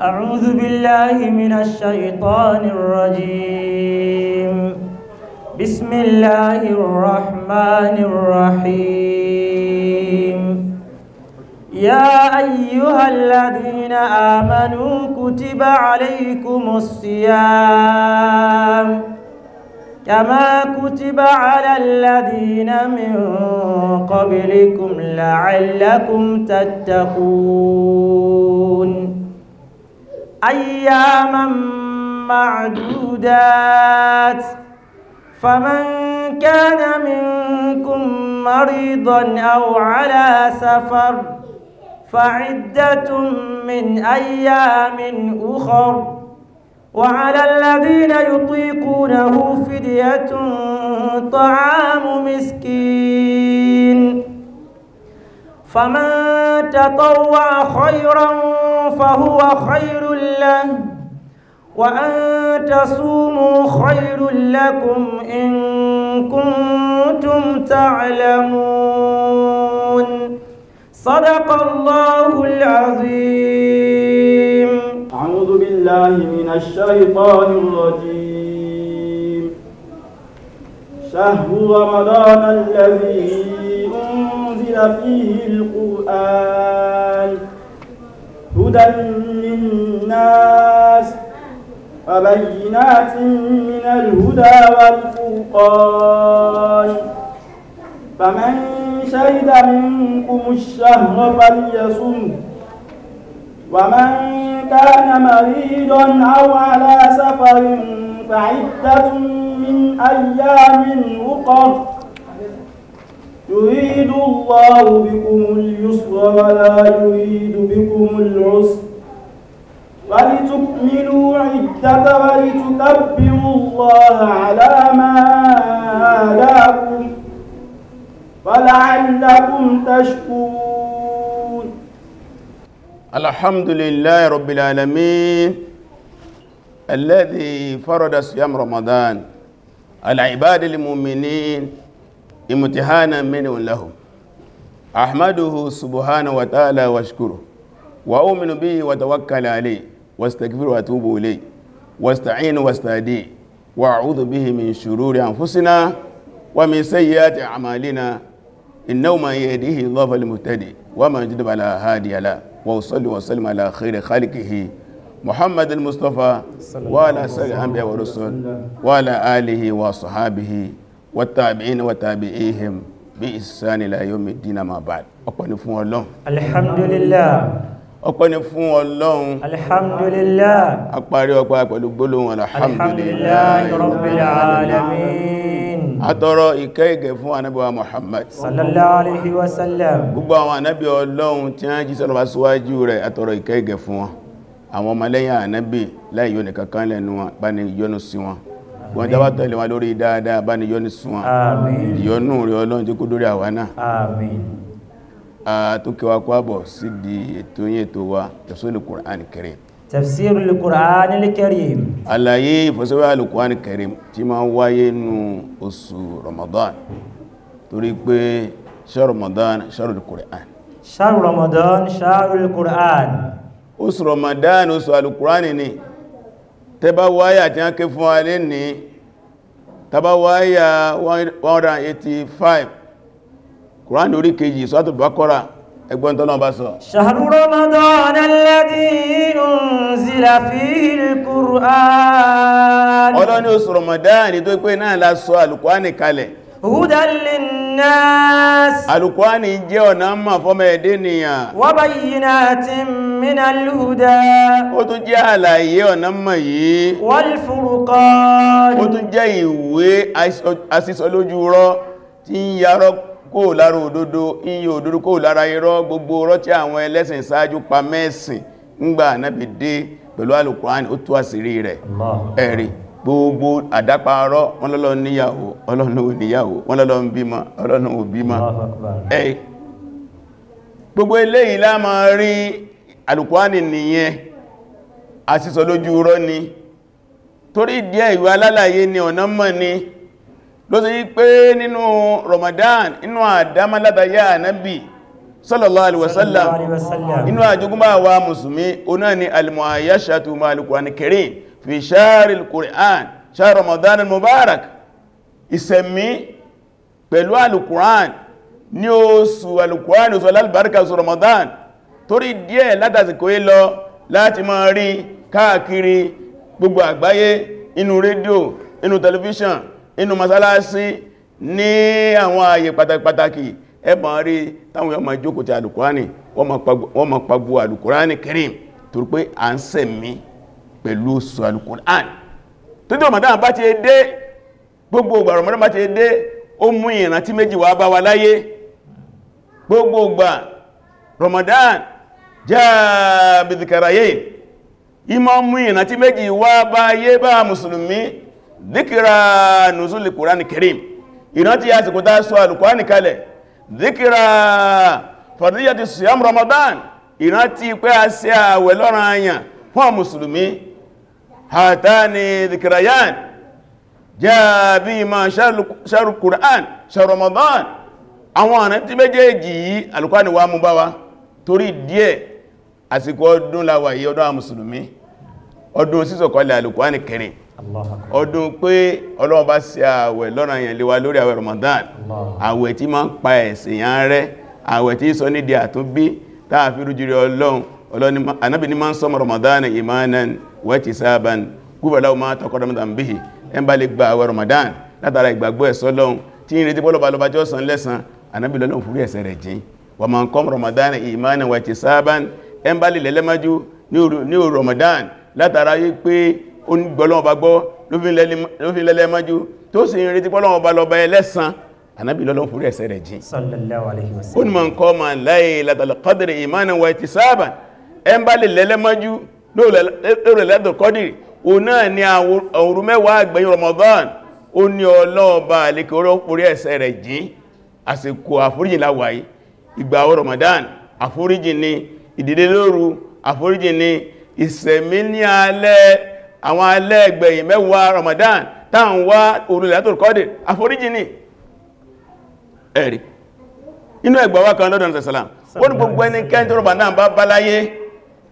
أعوذ بالله من الشيطان الرجيم بسم الله الرحمن الرحيم يا أيها الذين آمنوا كتب عليكم الصيام كما كتب على الذين من قبلكم لعلكم تتقون أياما معدودات فمن كان منكم مريضا أو على سفر فعدة من أيام أخر وعلى الذين يطيقونه فدية طعام مسكين فمن تطوع خيراً فهو خير له وأن تصوموا خير لكم إن كنتم تعلمون صدق الله العظيم أعوذ بالله من الشيطان الرجيم شهر رمضان الذي أنزل فيه القرآن هدى للناس وبينات من الهدى والفرقان فمن شهد منكم الشهر فليصم ومن كان مريضا أو على سفر فعدة من أيام أخر يريد الله بكم اليسر ولا يريد بكم العسر ولتكملوا عدة ولتكبروا الله على ما هداكم ولعلكم تشكرون الحمد لله رب العالمين الذي فرض صيام رمضان على عباد المؤمنين امتحانا منه لهم أحمده سبحانه وتعالى واشكره وأؤمن به وتوكل عليه واستغفر وأتوب إليه واستعين واستهدي وأعوذ به من شرور أنفسنا ومن سيئات أعمالنا إنه من يهده الله فالمهتدي ومن يجلب على هادي له وأصلي وسلم على خير خلقه محمد المصطفى وعلى سائر الأنبياء والرسل وعلى آله وصحابه wàtàbíin wàtàbíihim bí ìsáni láyómi dínà máa bá ọpẹ́ ni fún ọlọ́run alhamdulillah ọpẹ́ ni fún ọlọ́run alhamdulillah àparí ọpẹ́ pẹ̀lú gbólóhùn alhamdulillah rabbil alamin àtọrọ ìkẹ́ ìgẹ̀ fún ànábì Muhammad sallallahu alaihi wasallam gbogbo àwọn ànábì ọlọ́run tí wọ́n jí wọ́n jábá tẹ̀lé wa lórí dáadáa bá ní yọ́nú súnwọ́n ìyọ́nú rẹ̀ ọlọ́run tí kó dórí àwa náà àtúnkẹwà kó àbọ̀ sí di ètò yìí ètò wa tafsirul Qur'an Karim tafsirul Qur'an Karim àlàyé ìfọ́síwẹ́ Qur'an Karim tí máa ń wáyé nú oṣù Ramadan torí pé shahru Ramadan shahrul Qur'an shahru Ramadan shahrul Qur'an oṣù Ramadan oṣù al-Qur'an ni tẹba wáyà tí a ké fún wa lè ní tàbá wáyà 185 kùránì orí kejì sọ́tù bákọ́rà ẹgbọ́n tọ́lọ́ bá sọ ṣàrù ramadan alladhi unzila fihi al ramadan tó pé náà lásọ al-Qur'ani للناس القرآن جاء نما فما الدنيا وبينات من الهدى ó tún jẹ́ àlàyé ọ̀nà mọ̀ ó tún jẹ́ ìwé asísọlójú rọ́ tí ń iye òdodo kó lára irọ́ gbogbo ọ̀rọ̀ tí àwọn ẹlẹ́sìn ṣáájú pa mẹ́sìn pẹ̀lú alùkùránì ó rẹ̀ gbogbo àdáparọ́ wọ́n lọ́lọ́ níyàwó ọlọ́run ò níyàwó wọ́n lọ́lọ́ ń bímọ ọlọ́run ò bímọ ẹ̀ gbogbo eléyìí la máa rí alùkwáni nìyẹn àsìsọ lójú rọ́ ni torí díẹ̀ ìwé alálàyé ni ọ̀nà mọ̀ ni ló sì pé nínú Ramadan inú àdámálátayá ànábì sallallahu alaihi wasallam inú àjogúnbá wa musulmi oná ni al-mu'ayyashatu ma'al Qur'anil Karim fi shahril Qur'an shahr Ramadan al-mubarak ìṣẹ̀mí pẹ̀lú al-Qur'an ní oṣù al-Qur'an oṣù alábàríkà oṣù Ramadan torí díẹ̀ látàsìkò yí lọ láti máa rí káàkiri gbogbo àgbáyé inú rédíò inú tẹlifíṣàn inú masalasi ní àwọn ààyè pàtàkì pàtàkì ẹbọn rí táwọn yọ ma jókòó ti alùkùránì wọ́n ma pàgbó alùkùránì Karim torí pé à ń sẹ̀mí pẹ̀lú sọ alùkùránì tó tí Ramadan bá ti dé gbogbo ìgbà Ramadan bá ti dé ó mú ìrántí méjì wá bá wa láyé gbogbo ìgbà Ramadan jaa bidhikarayin ìmọ̀ mú ìrántí méjì wá bá yé bá mùsùlùmí dhikra nùzúlì kùránì Karim ìrántí àsìkò tá sọ alùkùránì kalẹ̀ díkìrà fọ̀díyà ti siyam Ramadan ìrántí pé a ṣe àwẹ̀ lọ́rọ̀ àyàn fún mùsùlùmí hàtàní díkìràyàn jẹ́bí ma ṣarù Qur'an ṣe Ramadan àwọn àrántí méjèèjì yìí alùkwáni wa mú bá wa torí díẹ̀ àsìkò ọdún láwàyí ọdún àmùsùlùmí ọdún sísọ̀kọ́lẹ̀ alùkwáni kẹrin ọdún pé ọlọ́run bá ṣe ààwẹ̀ lọ́nà yẹn lè wa lórí ààwẹ̀ Ramadan ààwẹ̀ tí máa ń pa ẹ̀sìn yàn rẹ́ ààwẹ̀ tí sọ ní di àtúnbí táàfí rújúrí ọlọ́run anábì ní máa ń sọmọ Ramadan imanan wẹ́tì sában gúbẹ̀láwọ́ máa tọkọdọ́mọ́dàn bíhì ẹn bá lè gba Ramadan látara ìgbàgbọ́ ẹ̀sọ́lọ́run tí ń retí bọ́lọ̀bà lọ́bà jọ́ san lẹ́san anábì lọ́lọ́run fúrí ẹ̀ṣẹ̀ rẹ̀ jìn wà máa ń kọ́ Ramadan imanan wẹ́tì sában ẹn bá lè lẹ́lẹ́májú ní Ramadan látara yí pé ó ń gbọ́lọ́wọ́ bá gbọ́ ló fi lẹ́lẹ́ mọ́jú tó sì ń retí pọ́lọ́wọ́ bá lọ́bá ẹlẹ́sàn anábì lọ́lọ́wọ́ fúrí ẹ̀ṣẹ̀ rẹ̀ jìn sallallahu alaihi wasallam ó ní man qama laylatal qadri wa ihtisaban náà ni òru mẹ́wàá àgbẹ̀yìn Ramadan ó ní ọlọ́ọ̀bá àlekè oró fúrí ẹ̀ṣẹ̀ rẹ̀ jìn àsìkò àforíjìn láwàáyí ìgbà Ramadan àforíjìn ni ìdìde lóru àforíjìn ni ìsẹ̀mí ní alẹ́ àwọn alẹ́gbẹ̀yìn mẹ́wàá Ramadan táwọn wá orúlẹ̀tò kọ́dì àforíjì ní ẹ̀rí inú ẹgbà wá kan lọ́dọ̀ sàlám ó ní gbogbo ẹni kẹ́ntì Ramadan bá báláyé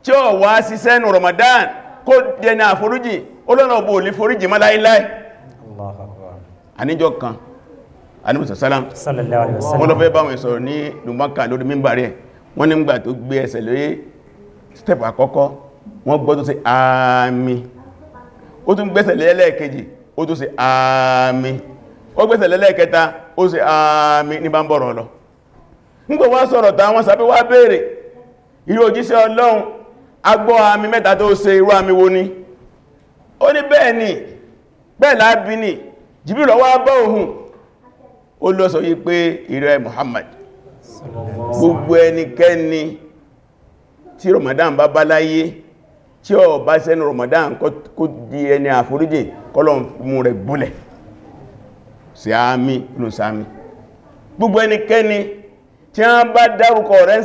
tí ó wá sí sẹ́nu Ramadan kó dẹni àforíjì olónà òbò olè foríjì má láíláí àníjọ kan anúbùsà sálám wọ́n lọ fẹ́ bá wọn sọ̀rọ̀ ní lùmọ́kà lórí mímbàrí ẹ̀ wọ́n ní ń gbà tó gbé ẹsẹ̀ lórí step àkọ́kọ́ wọ́n gbọ́ tó sí àmì ó tún gbẹ́sẹ̀ lẹ́lẹ́ẹ̀kejì ó tún ṣe àmín ó gbẹ́sẹ̀ lẹ́lẹ́ẹ̀kẹta ó ṣe àmín ní bá ń bọ̀rọ̀ lọ nígbà wá sọ̀rọ̀ tán wọ́n sàbí wá béèrè irú òjíṣẹ́ ami agbọ́ àmì mẹ́ta tó ṣe irú ni ó ní bẹ́ẹ̀ ni bẹ́ẹ̀ gbogbo Ramadan bá tí ó bá sẹ́nu Ramadan kó di ẹni àforíjì kọ́lọ̀n mú rẹ̀ gúnlẹ̀ sí àmì inú sàmì gbogbo ẹnikẹ́ni tí a bá dárúkọ rẹ̀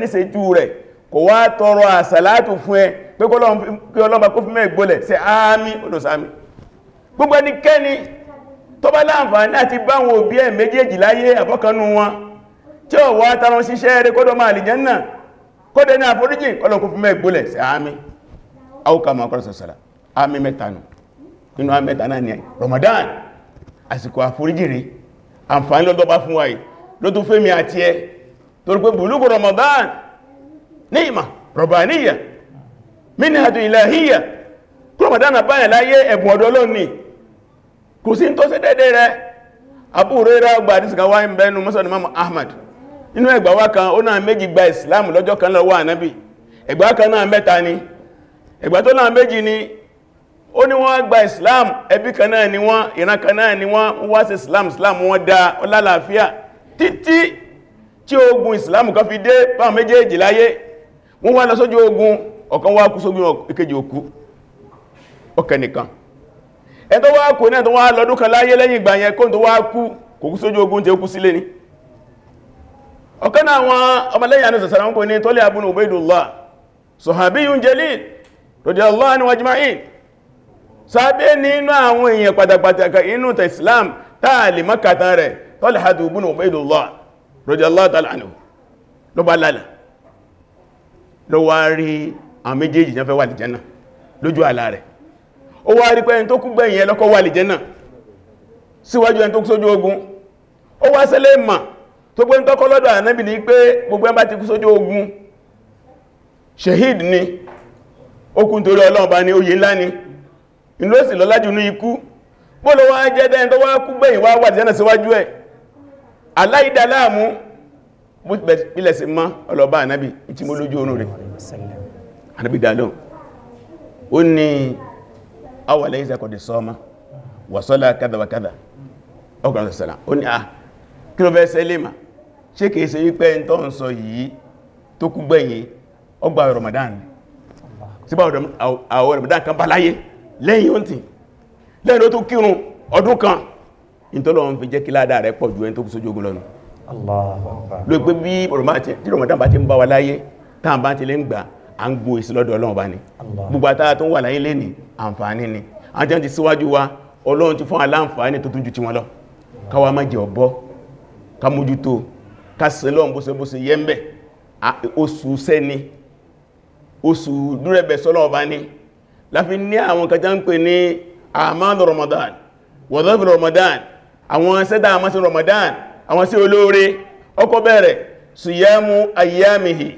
ní sejú rẹ̀ kò wá tọrọ àsàlátù fún ẹ pé kọ́lọ̀n kó fún mẹ́ gúnlẹ̀ sí àmì inú sàmì gbogbo ẹnikẹ́ni tó bá láǹfààní láti báwọn òbí ẹ̀ méjèèjì láyé àbọ́kanú wọn tí ó wá tara ṣiṣẹ́ rẹ̀ kọ́dọ̀ máa lè jẹ́ kódé ní àforíjì ọlọ́kùn fún mẹ́gbólẹ̀ sí àmì àwọ́kàmọ̀ ọkọ̀lọ́sọ̀sọ̀lá àmì mẹ́tanù nínú àmì mẹ́tanà ní Ramadan àsìkò àforíjì rí àǹfààní lọ́dọ́ bá fún wa yìí ló tún fẹ́mi àti ẹ torí pé bùlúgbò Ramadan ní ìmà rọ̀bàníyà mínàdù ìlàhíyà Ramadan báyẹ̀ láyé ẹ̀bùn ọ̀dọ̀ lónìí kò sí tó sí dédé rẹ̀ Abu Hurairah gbà àdísìkà wáyé bẹnu mọ́sàn Imam Ahmad nínú ẹgbàwá kan ó náà méjì gba ìsìláàmù lọ́jọ́ kan lọ́wọ́ ànábì ẹgbà kan náà mẹ́ta ni ẹgbà tó náà méjì ni ó ní wọ́n gba ìsìláàmù ẹbí kan náà ni wọ́n ìran kan náà ni wọ́n wá sí ìsìláàmù ìsìláàmù wọ́n dá ọlálàáfíà títí tí ogun ìsìláàmù kan fi dé báwọn méjèèjì láyé wọ́n wá lọ sójú ogun ọ̀kan wá kú sógun ìkejì òkú ọ̀kan nìkan ẹ tó wá kú náà tó wá lọ́dún kan láyé lẹ́yìn ìgbà yẹn kó tó wá kú kò kú sójú ogun tí ó kú sílé ni ọ̀kan náà wọn ọmọlẹ́yìn àníṣẹ́ sàrán kò ní tọ́lẹ̀ abúnú Ubaydullah sahabiyun jalil radiyallahu anhu ajma'in sábẹ́ nínú àwọn èèyàn pàtàkì inú ta Islam táàlì makatan rẹ̀ tọ́lẹ̀ abúnú Ubaydullah radiyallahu ta'ala anhu ló bá lálà ló wá rí àwọn méjèèjì náà fẹ́ wà lìjẹ́nà lójú àlá rẹ̀ ó wá rí pé ẹni tó tó gbé ń tọ́kọ́ lọ́dọ̀ ànábì ní pé gbogbo ẹmbá ti kú sójú ogun shahid ni okùn torí ọlọ́run bá ní oyè ńlá ni inú ó sì lọ́lájú ní ikú bóòlò wá jẹ́ dẹ́n tó wá kú gbẹ̀yìn wá wà jẹ́nà síwájú ẹ̀ aláìdáláàmú ilẹ̀ sí mọ́ ọlọ́bá ànábì tí mo lójú oorun rẹ̀ ànábì dálóhùn ó ní ọkùnrin sọ́lá ó ní à ah, kí ló fẹ́ sẹ́lẹ̀ ṣé kìí ṣe wípé ń ń sọ yìí tó kú gbẹ̀yìn ọgbà Ramadan tí bá àwọn Ramadan kan bá láyé lẹ́yìn ó tí lẹ́yìn ó tó kírun ọdún kan in tó lọ́wọ́n fi jẹ́ kí ládá rẹ̀ pọ̀ ju ẹni tó kú sójú ogun lọ́nà ló Ramadan bá ti ń bá wa láyé táà bá ti lè ń gbà à ń gbo ìsìlọ́dọ̀ Ọlọ́run bá ní gbogbo àtàrà tó ń wà láyé lẹ́ni àǹfààní ni a jẹ́ jẹ ọ̀bọ ká kásìlọ́n bó ṣe bó ṣe yẹ́m̀bẹ̀ oṣù sẹ́ni oṣù dúrẹ̀bẹ̀ sọ́lọ́ ọba ní láfi ní àwọn kajá ń pè ní àmàdù Ramadan wọ̀dọ́bì Ramadan àwọn sẹ́dá àmásí Ramadan àwọn sí olóore ọkọ̀ bẹ̀rẹ̀ siyamu ayyamihi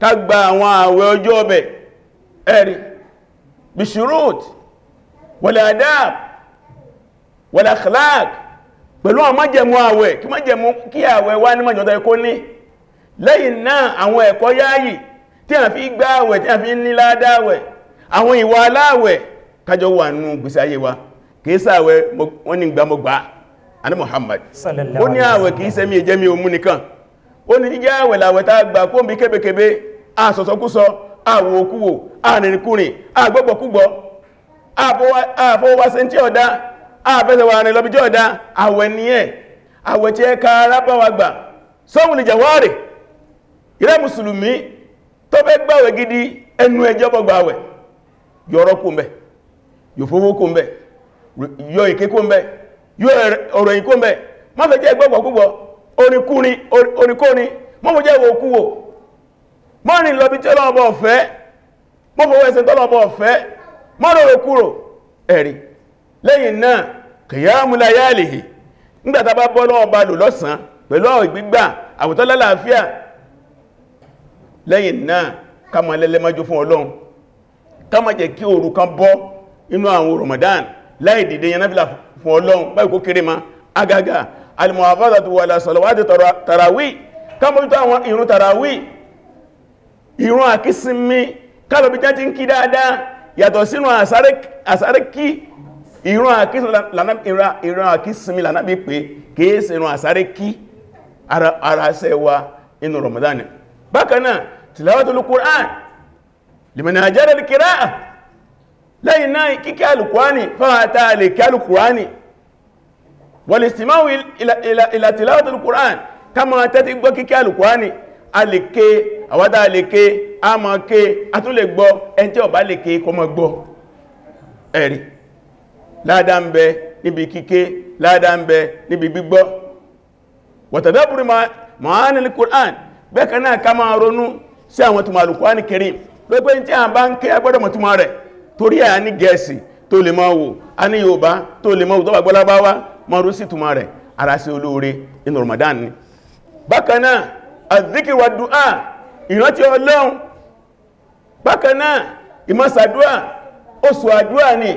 tagba gba àwọn àwẹ̀ ọjọ́ ọbẹ̀ ẹ̀rì bishurut wal adab wal akhlaq pẹ̀lú àwọn májẹ̀mú àwẹ̀ kí májẹ̀mú kí àwẹ̀ wá ní májọ̀ta ẹkó ní lẹ́yìn náà àwọn ẹ̀kọ́ yáyì tí a fi gbá àwẹ̀ tí a fi ní ládáwẹ̀ àwọn ìwà aláwẹ̀ kájọ wà nú gbèsè ayé wa kìí sáwẹ̀ wọ́n ní gbàmọ́gbà àní Muhammad ó ní àwẹ̀ kìí sẹ́mí ẹjẹ́ mi òmú nìkan ó ní jíjẹ́ àwẹ̀ làwẹ̀ tá gbà kó mi kébékébé àsọ̀sọkúsọ àwòkúwò àfẹ́sẹ̀wà rìn lọ́bí jọ ọ̀dá àwẹ̀ ní ẹ̀ àwẹ̀ tí ẹ ká arábáwàgbà sọ́wùn lè jàwárì ilẹ̀ mùsùlùmí tó fẹ́ gbàwẹ̀ gidi ẹnu ẹjọ́bọ̀ gbàwẹ̀ yọ̀rọ̀ kó mbẹ̀ yòfówó kó mbẹ̀ yọ ìké kó mbẹ̀ yọ ọ̀rọ̀ ìkó mbẹ̀ má fẹ́ jẹ́ gbọ́gbọ̀ gbogbo ọ̀fẹ́ mọ́rọ̀ òkúrò ẹ̀rí lẹ́yìn náà kìyàmù láyàlìhì nígbàtà bá bọ́ lọ́wọ́ bá lò lọ́sàn pẹ̀lú ọ̀rọ̀ gbígbà àwòtọ́ lálàáfíà lẹ́yìn náà ká máa lẹ́lẹ́mọ́jú fún ọlọ́run ká máa jẹ́ kí òru kan bọ́ inú àwọn Ramadan láì dìde yan náfìlà fún ọlọ́run báyìí kó kéré ma agaga al-muhafazatu wala salawati tarawi ká mójútó àwọn ìrun tarawi ìrun àkísinmi ká lọ bí ìran àkísìnmi lànàbí pé kìí sí ìran àsáré kí ara ṣe wa inú Ramadan bákanáà tilawatul Qur'an lèmọ̀nà àjẹ́rẹ̀ kìrá lẹ́yìn náà kíkí alùkùránì fáwátá lè kí alùkùránì wal istima'u ila tilawatul Qur'an kama tẹ́tí gbọ́ kíkí alùkùránì a lè ké àwádá lè ké a mọ̀ ké a tún lè gbọ́ ẹn tí ó bá lè ké kó má gbọ́ ẹ̀rí láàdá ń bẹ níbi kíké láàdá ń bẹ níbi gbígbọ́ wàtàdábùrì ma'ánil Qur'an bẹ́ẹ̀kan náà ká máa ronú sí àwọn tó màlùkù á ní kiri lópe tí a bá ń ké agbọ́dọ̀ mọ̀ túnmọ̀ rẹ̀ torí à a ní Yorùbá tó lè máa wò tọ́bà gbọ́lábáwá mọ́rú sí túnmọ̀ rẹ̀ ara sí olóore inú Ramadan ni bákan náà az-zikr wa du'a ìrántí Ọlọ́run bákan náà ìmọ́sàdúà oṣù àdúà ni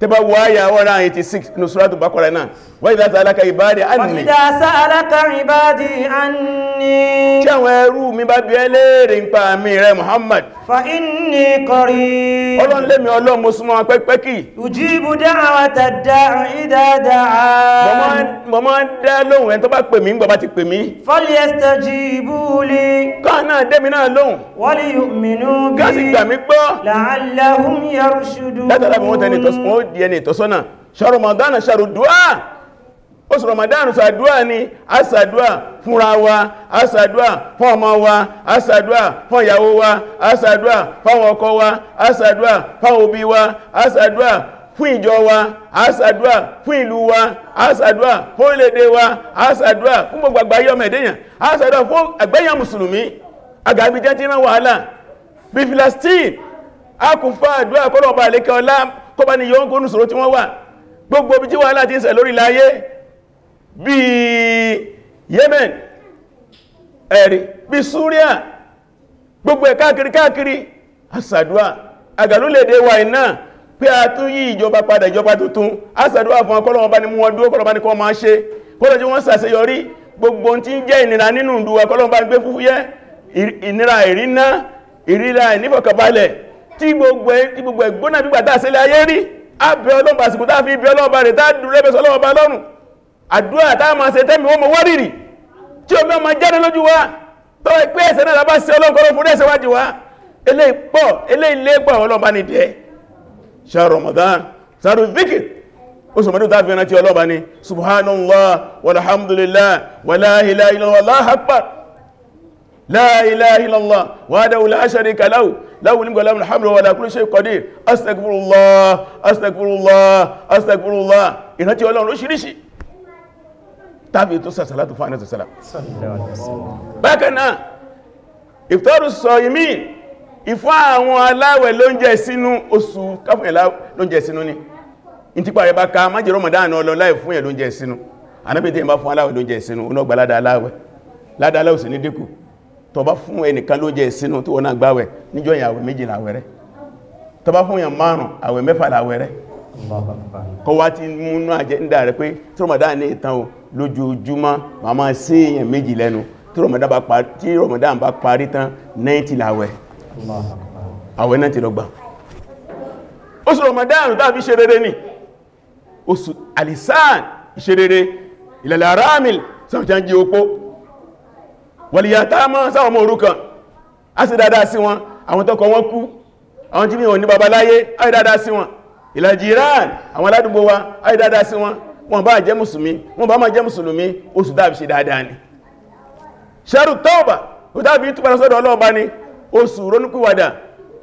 tẹ́bá wáyà 186 nínú Suratul Baqarah náà وإذا سألك عبادي عني وإذا سألك عبادي عني tí àwọn ẹrú mi bá bi ẹ́ léèrè nípa mi rẹ̀ Muhammad fa inni qareeb Ọlọ́run lèmi Ọlọ́run mo súnmọ́ pẹ́pẹ́kì ujibu da'wata da'i idha da'an mo máa ń dá lóhùn ẹni tó bá pè mí nígbà bá ti pè mí falyastajibu li kọ́nà dẹ́mi náà lóhùn wal yu'minu bi gáàsì gbà mí gbọ́ la'allahum yarshudun látàlá oṣù ramadan ṣàdúà ni a ṣàdúà fúnra wa a ṣàdúà fún ọmọ wa a ṣàdúà fún ìyàwó wa a ṣàdúà fáwọn ọkọ wa a ṣàdúà fáwọn òbí wa a ṣàdúà fún ìjọ wa a ṣàdúà fún ìlú wa a ṣàdúà fún orílẹ̀-èdè wa a ṣàdúà fún gbogbo àgbáyé ọmọ ẹ̀dẹ́yàn a ṣàdúà fún àgbáyé mùsùlùmí àgàbí jẹ́ tí rán wàhálà bí Filastin a kò fà àdúà kọ́lọ̀ ọba àlékẹ́ ọlá kọ́bá ni yóò ń kó nùsòro tí wọ́n wà gbogbo bí tí wàhálà ti ń ṣẹ̀ lórí láyé bí Yemen ẹ̀rì bí Syria gbogbo ẹ̀ káàkiri káàkiri asàdúwà àgàlúlẹ̀dẹ̀ wà iná pé a tún yí ìjọba padà ìjọba tuntun asàdúwà fún ọkọ́lọ́wọ́ bá ní mú wọn dúró kọ́lọ́bá ní kọ́ máa ṣe kọ́lọ́ jí wọ́n ṣàṣeyọrí gbogbo tí ń jẹ́ ìnira nínú ìdúwà kọ́lọ́wọ́ bá gbé fúfúyẹ́ ìnira ìrìnà ìrìnà ìnífọ̀kàbalẹ̀ tí gbogbo ẹ̀gbónà gbígbà tàṣẹ́lẹ̀ ayé rí abẹ́ ọlọ́mbà àsìkò tá fi ibẹ́ ọlọ́mbà rẹ̀ tá dúró lẹ́bẹ̀ẹ́sọ́lọ́mbà lọ́rùn àdúrà tá ma ṣe tẹ́mi wọ́n mọ̀ wárìrì tí o mọ́ jáde lójú wa tó ẹgbẹ́ ẹ̀sẹ̀ náà bá sí ọlọ́nkọ́rọ̀ fún ẹ̀sẹ̀ wájú wa ilé pọ̀ ilé ilé pọ̀ ọlọ́ba ní dẹ̀ ṣe Ramadan sáré zikir ó sọ mọ́dún tàbí ẹ̀nàtí ọlọ́ba ní subhanallah walhamdulillah wala ilaha illallah Allahu akbar la ilaha كل شيء قدير استغفر الله استغفر الله استغفر الله ìrántí Ọlọ́run ló ṣíríṣìí tàbí tó sàṣàlátù fún ànà sàṣàlá bákan náà ìfẹ́rù sọ imí ìfún àwọn aláwẹ̀ lóúnjẹ sínú oṣù káfún ẹ̀lá lóúnjẹ sínú ni in ti pàrẹ bá ká májì Ramadan ọlọ láì fún ẹ̀ lóúnjẹ sínú anábìtẹ́ ìbá fún aláwẹ̀ lóúnjẹ sínú ó gba ládá aláwẹ̀ ládá aláwẹ̀ sí ní dínkù tó bá fún ẹnìkan lóúnjẹ sínú tí wọ́n náà gbáwẹ̀ níjọ́ ìyàwó méjìlá àwẹ̀rẹ́ tó bá fún yàn márùn àwẹ̀ mẹ́fà làwẹ̀rẹ́ kọwàá ti mú nú àjẹ́ ń dà rẹ̀ pé tí Ramadan ní ìtàn o lójoojúmọ́ ma máa sí èèyàn méjì lẹ́nu tí Ramadan bá parí tán 90 láwẹ̀ àwẹ̀ 90 lọ́gbà oṣù Ramadan tàbí ṣe rere ni oṣù alisan ṣe rere ìlàlẹ̀ aramil sọ́jọ́njí opó wàlìyàtá mọ́ sáwọn ọmọ òrukàn a sì dáadáa sí wọn àwọn tọ́kọ wọn kú àwọn tí mi ò ní babaláyé a sì dáadáa sí wọn ìlàjìrán àwọn aládùgbò wa a sì dáadáa sí wọn wọn bá jẹ́ mùsùlùmí wọn bá máa jẹ́ mùsùlùmí oṣù dáàbí ṣe dáadáa ni ṣẹ́rù tọ́ọ̀bà ó dábí tó padà sọ́dọ̀ ọlọ́ọ̀bá ni oṣù ronúkúwàdà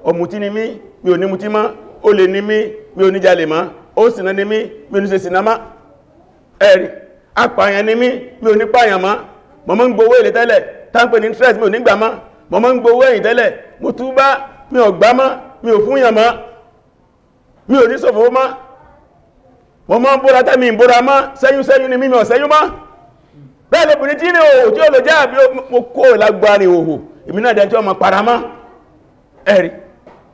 ọ̀mùtí ni mí mi ò ní mutí mọ́ ó lè ní mí mi ò ní jalè mọ́ ó ṣìnà ni mí mi ò ní ṣe ṣìnà ẹ̀rì apààyàn ni mí mi ò ní pààyàn mọ́ mọ́ ń gbowó ẹ̀yìn tẹ́lẹ̀ mo túbá mi ò gbá mọ́ mi ò fúnyàn mọ́ mi ò ní ṣòfò mo máa ń bóra tẹ́mi ìbóra má sẹ́yún sẹ́yún ni mímọ̀ sẹ́yún má bẹ́ẹ̀ lóbìnrin tí ní òhò tí ó lè jẹ́ àbí mo kó lágbárin òhò èmi náà dẹ̀ tí ọmọ para má ẹ̀rí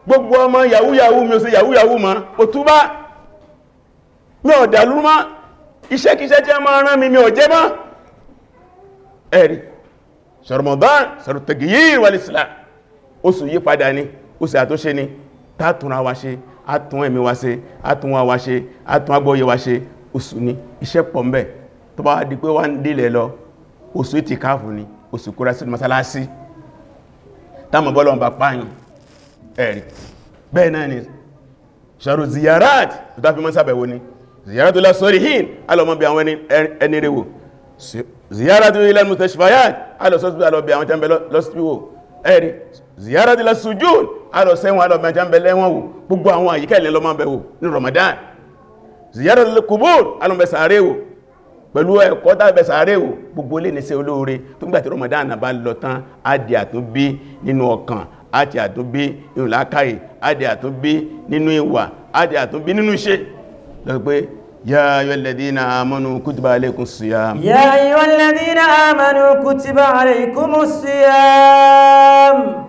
gbogbo ọmọ yahoo yahoo mi ò ṣe yahoo yahoo ma ò túbá mi ò dàlú má iṣẹ́kíṣẹ́ tí a máa rán mi mi ò jẹ́ má ẹ̀rí ṣọ̀rọ̀mọ̀dán ṣọ̀rọ̀tẹ̀gì yìí wà ní ìsìlá oṣù yí padà ni oṣù àtúnṣe ni tátùnra wa ṣe àtún ẹ̀mí wa ṣe àtún wa wa ṣe àtún agbóyẹ wa ṣe oṣù ni iṣẹ́ pọ̀ mbẹ̀ tó bá di pé wá ń délẹ̀ lọ oṣù ti káàfù ni oṣù kúrá sí masalasi táàmù bọ́lọ̀ bá páyìn ẹ̀rì bẹ́ẹ̀ náà ni ṣàrù ziyarat tó tá fi mọ́ sábẹ̀wò ni ziyaratu la sorihin alọ́mọ́ bí àwọn ẹni rewò ziyaratu ila mustashfayat alọ́sọ́sọ́ alọ́bí àwọn la sujud a lọ sẹ́wọ̀n a lọ mẹ́já ń bẹ lẹ́wọ̀n wò gbogbo àwọn àyíká ilẹ̀ lọ máa bẹ̀ wò ní Ramadan ziyara lil qubur a lọ bẹ̀ sàárè wò pẹ̀lú ẹ̀kọ́ tàbẹ̀ sàárè wò gbogbo lè ní ṣe olóore tó gbà tí Ramadan náà bá lọ tán á di àtúnbí nínú ọkàn á di àtúnbí nínú làákàyè á di àtúnbí nínú ìwà á di àtúnbí nínú iṣẹ́ lọ pé يا أيها الذين آمنوا كتب عليكم الصيام يا أيها الذين آمنوا كتب عليكم الصيام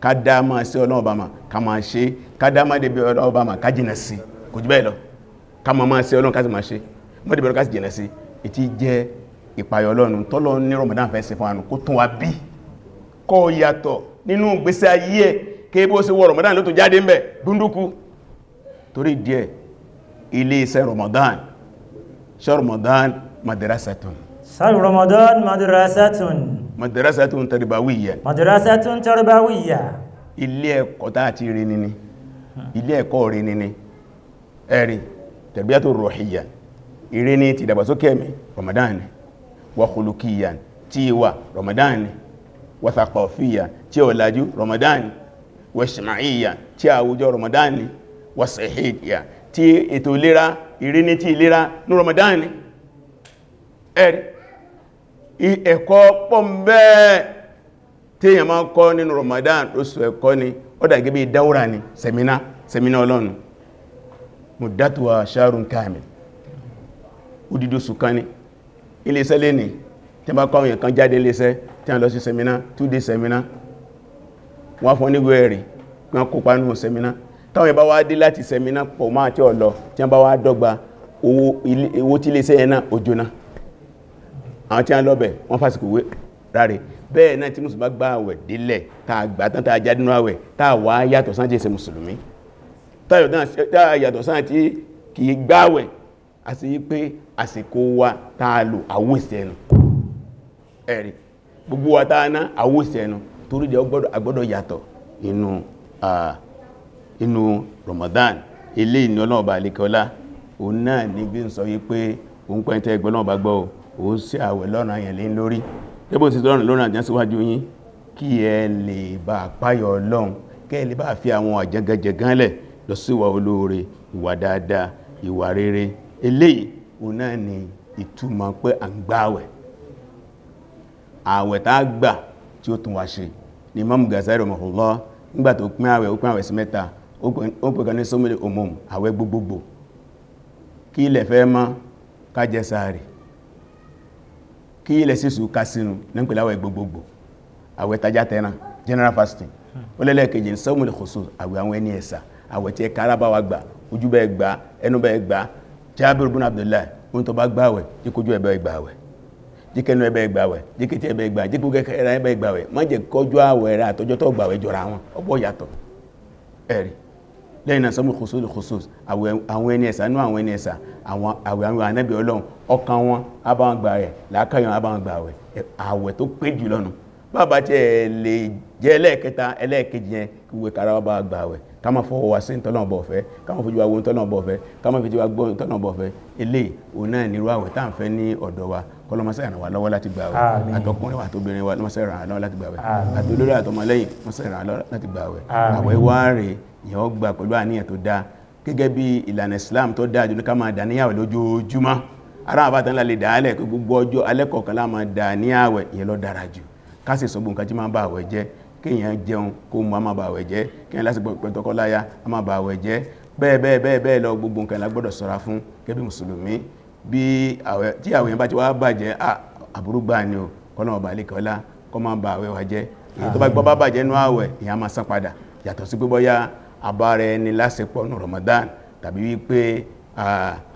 ká dá máa sí ọlọ́ọ̀bá ma ká máa ṣe ká dá máa débi ọlọ́ọ̀bá ma ká jìnà sí kò jù bẹ́ẹ̀ lọ ká máa máa sí ọlọ́run ká sì máa ṣe mọ́ débi ọlọ́run ká sì jìnà sí ètí jẹ́ ìpayọ̀ ọlọ́run tọ́lọ́ ní Ramadan fẹ́ ṣe fún àánú kó tún wa bí kọ́ yàtọ̀ nínú ìgbésí ayé ẹ̀ kí bó ṣe wọ Ramadan ló tún jáde ń bẹ̀ dúndúkú torí díẹ̀ ilé iṣẹ́ Ramadan ṣe Ramadan madrasatun sáàrù Ramadan madrasatun madrasatun tarbawiyya madrasatun tarbawiyya ilé ẹ̀kọ́ tá àti rí nini ilé ẹ̀kọ́ rí nini ẹ̀rí tarbiyatu ruhiyya ìrí ní ti dàgbàsókè mi ramadan wa khuluqiyya tí ìwà ramadan wa thaqafiyya tí ọ̀làjú ramadan wa ijtima'iyya tí àwùjọ ramadan wa sihhiyya tí ètò ìlera ìrí ti ìlera ní ramadan ẹ̀rí ẹ̀kọ́ pọ̀m̀bẹ́ tí èyàn máa kọ́ nínú Ramadan lóṣù ẹ̀kọ́ ni ó dà gẹ́bí dáúrà ni sẹ̀mínà sẹ̀mínà ọlọ́run mudatuwa sharun kamil udido sukani iléeṣẹ́ lè ní tí wọ́n kọ́ èyàn kan jáde iléeṣẹ́ tí wọ́n lọ sí sẹ̀mínà two day sẹ̀mínà wọ́n fún ní wẹ́ẹ̀rì wọ́n kópa nínú sẹ̀mínà táwọn ìbá wá dé láti sẹ̀mínà àwọn tí a lọ́bẹ̀ wọ́n fásikò wé ráre bẹ́ẹ̀ náà tí mùsùlùmí bá gba àwẹ̀ délẹ̀ tàà gbà tán tàà jáde nínú àwẹ̀ tàà wá yàtọ̀ sáà jẹ́ mùsùlùmí a yàtọ̀ sáà tí kì í gbáwẹ̀ àti wípé àsìkò wa tàà lò àwòsẹ̀nu ẹ̀rí gbogbo wa tàà ná àwòsẹ̀nu torí jẹ́ agbọ́dọ̀ yàtọ̀ inú inú Ramadan ilé ìní ọlọ́ọ̀bà àlekọ́lá òun náà ní gbé ń sọ wípé òun pẹ́ntẹ́ ẹgbẹ́ ọlọ́ọ̀bà gbọ́ ó sí àwẹ̀ lọ́nà yẹn lé lórí tẹ́bọ̀ sí lọ́nà lọ́nà àjá síwájú yín kí ẹ lè bá páyọ̀ ọlọ́run kẹ́ lè bá fi àwọn àjẹgẹjẹgán lọ síwà olóore ìwà dáadáa ìwà rere eléyìí òun náà ni ìtumọ̀ pé à ń gbààwẹ̀ àwẹ̀ tá gbà tí ó tún wá ṣe ni Imam Ghazali rahimahullah nígbà tó pín àwẹ̀ ó pín àwẹ̀ sí mẹ́ta ó pè ní kí ilẹ̀ sísù ká sínú ní pẹ̀lú àwẹ̀ gbogbogbò àwẹ̀ tajá tẹ́ran general fasting ó lẹ́lẹ́kejì ní sọ́mùlẹ̀ kòsò àwẹ̀ àwọn ẹni ẹ̀sà àwẹ̀ tí ẹka arábáwa gbà ojú bẹ́ẹ̀ gbà ẹnu bẹ́ẹ̀ gbà Jabir bin Abdullah ohun tó bá gbàwẹ̀ jíkojú ẹ̀bẹ̀ gbàwẹ̀ jíkẹnu ẹ̀bẹ̀ gbàwẹ̀ jíkẹtì ẹ̀bẹ̀ gbà jíkẹkẹrẹ ẹ̀bẹ̀ gbàwẹ̀ má lẹ́yìn náà sọ́mù kòsó lè kòsó àwọn ẹni ẹ̀sà nú àwọn ẹni ẹ̀sà àwọn àwẹ̀ àwọn ànábì ọlọ́run ọkàn wọn abáwọn gbà rẹ̀ làákàyàn abáwọn gbà rẹ̀ àwẹ̀ tó pé jù lọ́nu bàbá tí ẹ lè jẹ́ ẹlẹ́ẹ̀kẹta ẹlẹ́ẹ̀kejì yẹn kí wọ́n kára bá gbà rẹ̀ ká máa fọwọ́ wa sí ntọ́nà bọ̀ fẹ́ ká máa fojú wa wo ntọ́nà bọ̀ fẹ́ ká máa kọlọmọsẹ ràn wá lọ́wọ́ láti gbààwẹ̀ àtọkùnrin wa tóbìnrin wa lọmọsẹ ràn wá lọ́wọ́ láti gbààwẹ̀ àtolórí àtọmọlẹ́yìn lọmọsẹ ràn wá lọ́wọ́ láti gbààwẹ̀ wá rèé ìyẹn ó gbà pẹ̀lú àníyàn tó dáa gẹ́gẹ́ bí ìlànà Islam tó dáa jùlọ ká máa dà níyàwó lójoojúmọ́ ara àbátan ńlá lè dàálẹ̀ pé gbogbo ọjọ́ alẹ́ kọ̀ọ̀kan lá máa dà níyàwó ìyẹn lọ dára jù ká sì sọ gbogbo nǹkan tí máa bà àwẹ̀ jẹ́ kéèyàn jẹun kó mu a máa bà àwẹ̀ jẹ́ kéèyàn lásìkò pẹ̀tọ́kọ́láyà a máa bà àwẹ̀ jẹ́ bẹ́ẹ̀ bẹ́ẹ̀ bẹ́ẹ̀ bẹ́ẹ̀ lọ gbogbo nǹkan la gbọ́dọ̀ sọ́ra fún àbára ẹni lásìpọ̀ ní Ramadan tàbí wípé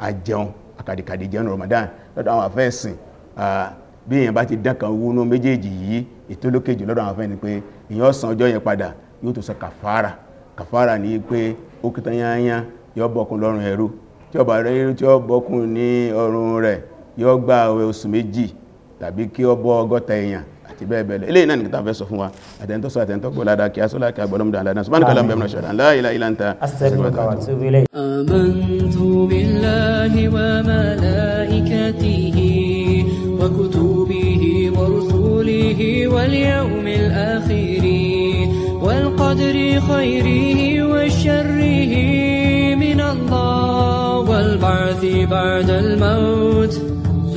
àjẹun àkàdìkàdì jẹun ní Ramadan lọ́dọ̀ àwọn afẹ́sìn bí èèyàn bá ti dán kan wúnú méjèèjì yìí ìtólókèjì lọ́dọ̀ àwọn afẹ́ni pé èèyàn san ọjọ́ yẹn padà yóò tó san kàfàrà kàfàrà ní pé ó kítan yányá yóò bọ́kùn lọ́rùn ẹrú tí ó bá rẹ́rú tí ó bọ́kùn ní ọrùn rẹ̀ yóò gba àwẹ̀ oṣù méjì tàbí kí ó bọ́ ọgọ́ta èèyàn àti bẹ́ẹ̀ bẹ́ẹ̀ eléyìí náà nìkan tàbí sọ fún wa àtẹ́ntọ́ sọ àtẹ́ntọ́ gbọ́ da kí a ka láàkà da la náà subhanaka allahumma bẹ̀rẹ̀ ṣọ̀dá la ilaha illa anta astaghfiruka wa atubu ilayk amantu billahi wa malaikatihi wa kutubihi wa rusulihi wal yawmil akhir wal qadri khairihi wa sharrihi min Allah wal ba'thi ba'da al maut